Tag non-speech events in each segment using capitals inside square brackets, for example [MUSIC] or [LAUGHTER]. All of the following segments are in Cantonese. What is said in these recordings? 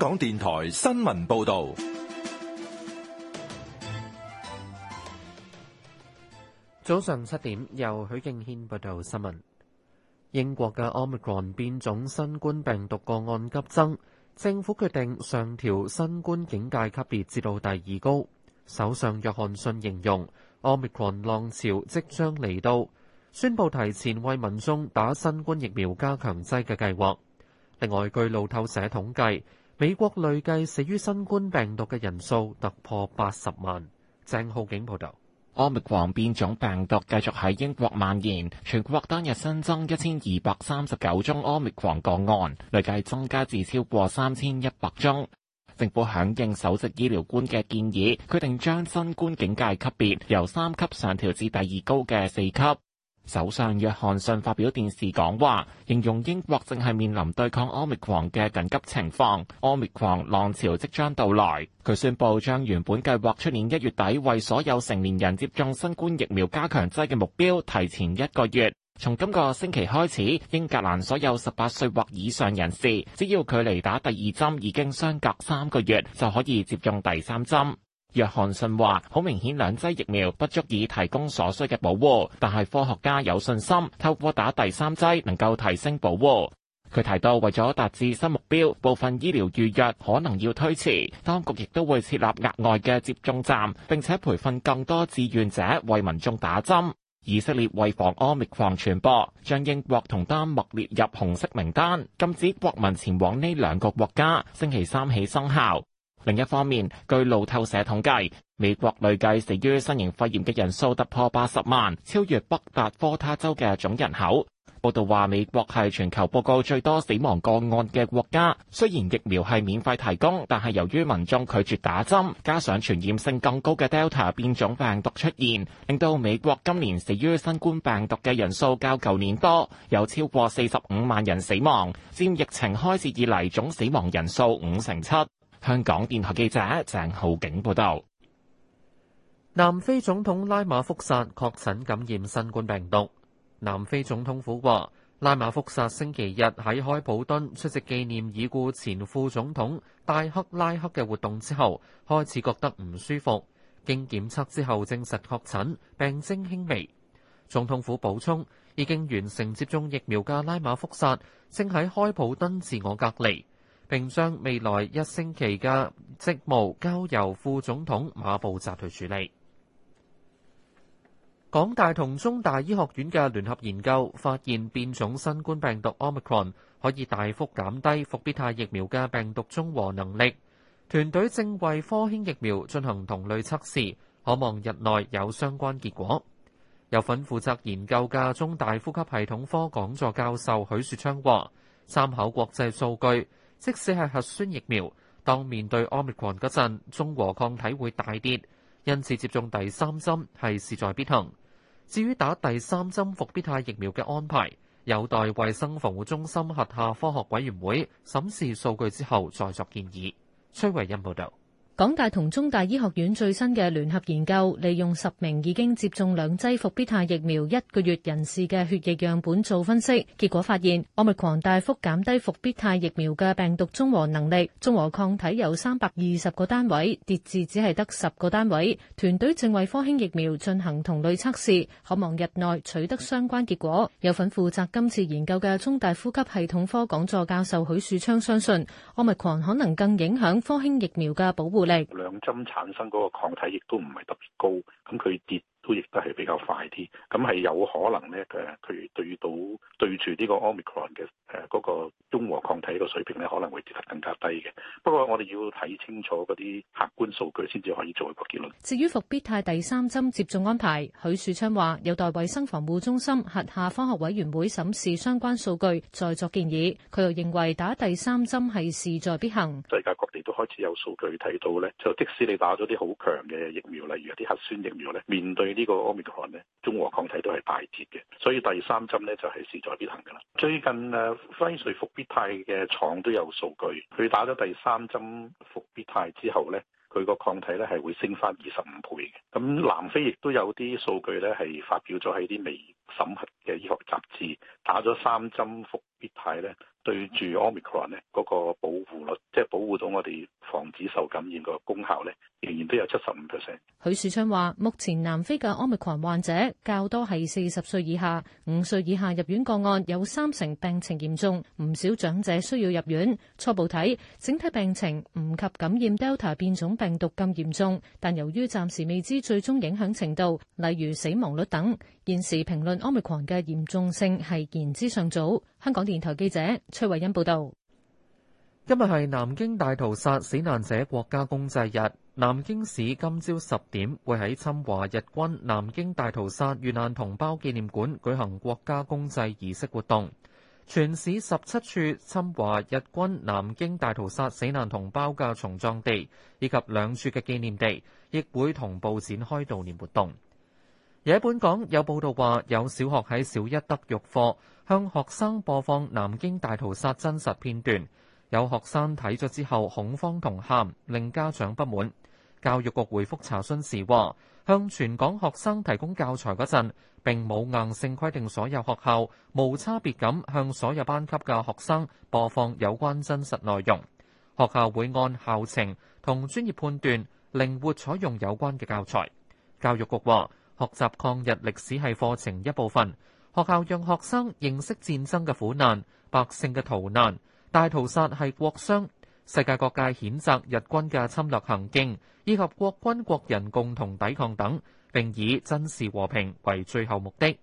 香港電台新聞報道，早上七點由許敬軒報道新聞。英國嘅 omicron 變種新冠病毒個案急增，政府決定上調新冠警戒級別至到第二高。首相約翰遜形容 omicron 浪潮即將嚟到，宣布提前為民眾打新冠疫苗加強劑嘅計劃。另外，據路透社統計，美國累計死於新冠病毒嘅人數突破八十萬。鄭浩景報道，奧密狂變種病毒繼續喺英國蔓延，全國當日新增一千二百三十九宗奧密狂個案，累計增加至超過三千一百宗。政府響應首席醫療官嘅建議，決定將新冠警戒級別由三級上調至第二高嘅四級。首相約翰遜發表電視講話，形容英國正係面臨對抗 Omicron 嘅緊急情況，Omicron 浪潮即將到來。佢宣布將原本計劃出年一月底為所有成年人接種新冠疫苗加強劑嘅目標提前一個月。從今個星期開始，英格蘭所有十八歲或以上人士，只要距離打第二針已經相隔三個月，就可以接種第三針。約翰遜話，好明顯兩劑疫苗不足以提供所需嘅保護，但係科學家有信心透過打第三劑能夠提升保護。佢提到為咗達至新目標，部分醫療預約可能要推遲，當局亦都會設立額外嘅接種站，並且培訓更多志願者為民眾打針。以色列為防奧密克戎傳播，將英國同丹麥列入紅色名單，禁止國民前往呢兩個國家。星期三起生效。另一方面，據路透社統計，美國累計死於新型肺炎嘅人數突破八十萬，超越北達科他州嘅總人口。報道話，美國係全球報告最多死亡個案嘅國家。雖然疫苗係免費提供，但係由於民眾拒絕打針，加上傳染性更高嘅 Delta 變種病毒出現，令到美國今年死於新冠病毒嘅人數較舊年多，有超過四十五萬人死亡，佔疫情開始以嚟總死亡人數五成七。香港電台記者鄭浩景報道：南非總統拉馬福薩確診感染新冠病毒。南非總統府話，拉馬福薩星期日喺開普敦出席紀念已故前副總統戴克拉克嘅活動之後，開始覺得唔舒服，經檢測之後證實確診，病徵輕微。總統府補充，已經完成接種疫苗嘅拉馬福薩正喺開普敦自我隔離。並將未來一星期嘅職務交由副總統馬布扎去處理。港大同中大醫學院嘅聯合研究發現，變種新冠病毒 Omicron 可以大幅減低復必泰疫苗嘅病毒中和能力。團隊正為科興疫苗進行同類測試，可望日內有相關結果。有份負責研究嘅中大呼吸系統科講座教授許雪昌話：參考國際數據。即使係核酸疫苗，當面對 Omicron 嗰陣，中和抗體會大跌，因此接種第三針係勢在必行。至於打第三針復必泰疫苗嘅安排，有待衛生防護中心核下科學委員會審視數據之後再作建議。崔慧欣報道。港大同中大醫學院最新嘅聯合研究，利用十名已經接種兩劑復必泰疫苗一個月人士嘅血液樣本做分析，結果發現 Omicron 大幅減低復必泰疫苗嘅病毒中和能力，中和抗體有三百二十個單位，跌至只係得十個單位。團隊正為科興疫苗進行同類測試，可望日內取得相關結果。有份負責今次研究嘅中大呼吸系統科講座教授許樹昌相信，Omicron 可能更影響科興疫苗嘅保護。兩針產生嗰個抗體亦都唔係特別高，咁佢跌， [MUSIC] 都亦都係比較快啲，咁係有可能咧，誒，佢對到對住呢個 Omicron 嘅誒個中和抗體個水平咧，可能會跌得更加低嘅。不過我哋要睇清楚嗰啲客觀數據先至可以做一個結論。至於復必泰第三針接種安排，許樹昌話有待衛生防護中心轄下科學委員會審視相關數據再作建議，佢又認為打第三針係勢在必行。世界各地都開始有數據睇到咧，就即使你打咗啲好強嘅疫苗，例如一啲核酸疫苗咧，面對。呢個奧密克戎咧，中和抗體都係大跌嘅，所以第三針咧就係事在必行嘅啦。最近誒輝瑞復必泰嘅廠都有數據，佢打咗第三針復必泰之後咧，佢個抗體咧係會升返二十五倍嘅。咁南非亦都有啲數據咧係發表咗喺啲未審核嘅醫學雜誌，打咗三針復必泰咧。對住 omicron 咧，嗰個保護率，即係保護到我哋防止受感染個功效，呢仍然都有七十五 percent。許樹昌話：目前南非嘅 omicron 患者較多係四十歲以下，五歲以下入院個案有三成病情嚴重，唔少長者需要入院。初步睇，整體病情唔及感染 delta 變種病毒咁嚴重，但由於暫時未知最終影響程度，例如死亡率等，現時評論 omicron 嘅嚴重性係言之尚早。香港電台記者崔慧欣報道，今日係南京大屠殺死難者國家公祭日，南京市今朝十點會喺侵華日軍南京大屠殺遇難同胞紀念館舉行國家公祭儀式活動，全市十七處侵華日軍南京大屠殺死難同胞嘅叢葬地以及兩處嘅紀念地，亦會同步展開悼念活動。而本港有報道話，有小學喺小一德育課向學生播放南京大屠殺真實片段，有學生睇咗之後恐慌同喊，令家長不滿。教育局回覆查詢時話，向全港學生提供教材嗰陣，並冇硬性規定所有學校無差別咁向所有班級嘅學生播放有關真實內容。學校會按校情同專業判斷，靈活採用有關嘅教材。教育局話。學習抗日歷史係課程一部分，學校讓學生認識戰爭嘅苦難、百姓嘅逃難、大屠殺係國殤，世界各界譴責日軍嘅侵略行徑，以及國軍國人共同抵抗等，並以真視和平為最後目的。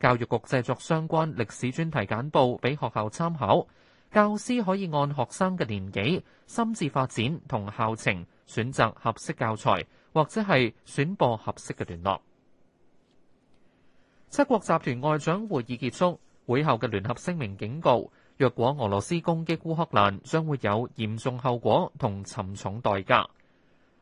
教育局製作相關歷史專題簡報俾學校參考，教師可以按學生嘅年紀、心智發展同校情選擇合適教材，或者係選播合適嘅段落。七國集團外長會議結束，會後嘅聯合聲明警告，若果俄羅斯攻擊烏克蘭，將會有嚴重後果同沉重代價。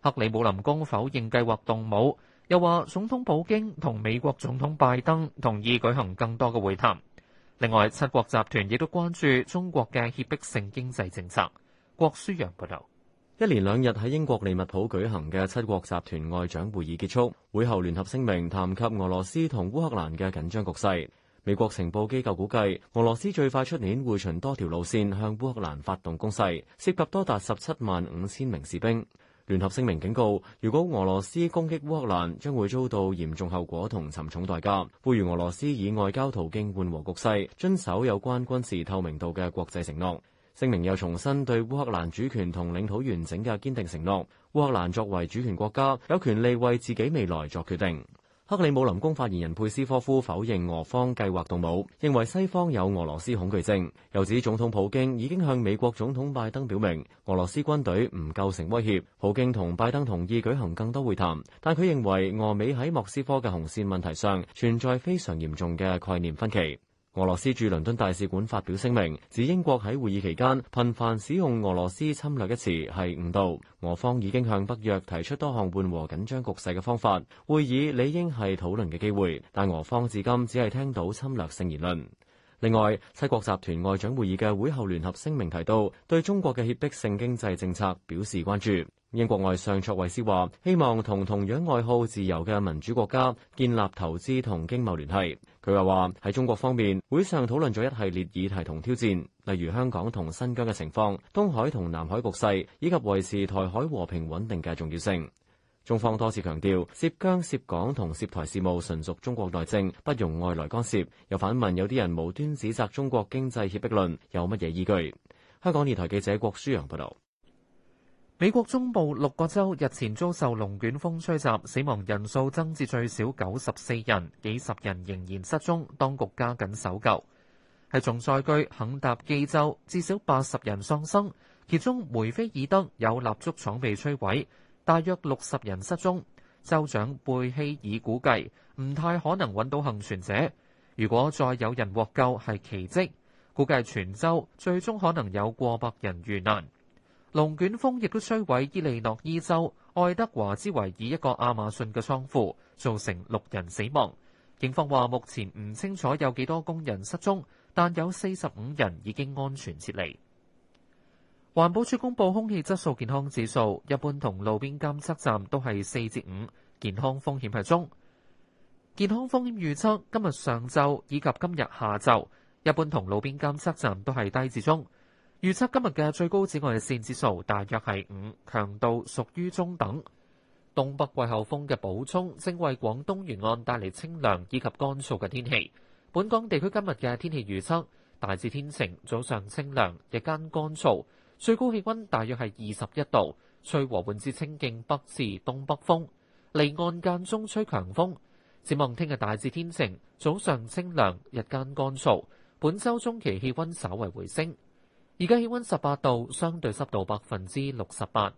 克里姆林宮否認計劃動武，又話總統普京同美國總統拜登同意舉行更多嘅會談。另外，七國集團亦都關注中國嘅脅迫性經濟政策。郭舒揚報道。一連兩日喺英國利物浦舉行嘅七國集團外長會議結束，會後聯合聲明談及俄羅斯同烏克蘭嘅緊張局勢。美國情報機構估計，俄羅斯最快出年會循多條路線向烏克蘭發動攻勢，涉及多達十七萬五千名士兵。聯合聲明警告，如果俄羅斯攻擊烏克蘭，將會遭到嚴重後果同沉重代價。呼籲俄羅斯以外交途徑緩和局勢，遵守有關軍事透明度嘅國際承諾。聲明又重申對烏克蘭主權同領土完整嘅堅定承諾。烏克蘭作為主權國家，有權利為自己未來作決定。克里姆林宮發言人佩斯科夫否認俄方計劃動武，認為西方有俄羅斯恐懼症。又指總統普京已經向美國總統拜登表明，俄羅斯軍隊唔構成威脅。普京同拜登同意舉行更多會談，但佢認為俄美喺莫斯科嘅紅線問題上存在非常嚴重嘅概念分歧。俄羅斯駐倫敦大使館發表聲明，指英國喺會議期間頻繁使用“俄羅斯侵略”一詞係誤導。俄方已經向北約提出多項緩和緊張局勢嘅方法，會議理應係討論嘅機會，但俄方至今只係聽到侵略性言論。另外，七國集團外長會議嘅會後聯合聲明提到，對中國嘅脅迫性經濟政策表示關注。英國外相卓偉斯話，希望同同樣愛好自由嘅民主國家建立投資同經貿聯繫。佢又話，喺中國方面，會上討論咗一系列議題同挑戰，例如香港同新疆嘅情況、東海同南海局勢，以及維持台海和平穩定嘅重要性。中方多次強調，涉疆、涉港同涉台事務純屬中國內政，不容外來干涉。又反問有啲人無端指責中國經濟脅迫論，有乜嘢依據？香港電台記者郭舒揚報道，美國中部六個州日前遭受龍捲風吹襲，死亡人數增至最少九十四人，幾十人仍然失蹤，當局加緊搜救。喺重災區肯塔基州，至少八十人喪生，其中梅菲爾德有蠟燭廠被摧毀。大約六十人失蹤，州長貝希爾估計唔太可能揾到幸存者。如果再有人獲救係奇蹟，估計全州最終可能有過百人遇難。龍捲風亦都摧毀伊利諾伊州愛德華茲維爾一個亞馬遜嘅倉庫，造成六人死亡。警方話目前唔清楚有幾多工人失蹤，但有四十五人已經安全撤離。環保署公布空氣質素健康指數，一般同路邊監測站都係四至五，健康風險係中。健康風險預測今日上晝以及今日下晝，一般同路邊監測站都係低至中。預測今日嘅最高紫外線指數大約係五，強度屬於中等。東北季候風嘅補充正為廣東沿岸帶嚟清涼以及乾燥嘅天氣。本港地區今日嘅天氣預測大致天晴，早上清涼，日間乾燥。最高氣溫大約係二十一度，吹和緩至清勁北至東北風，離岸間中吹強風。展望聽日大致天晴，早上清涼，日間乾燥。本周中期氣溫稍為回升，而家氣溫十八度，相對濕度百分之六十八。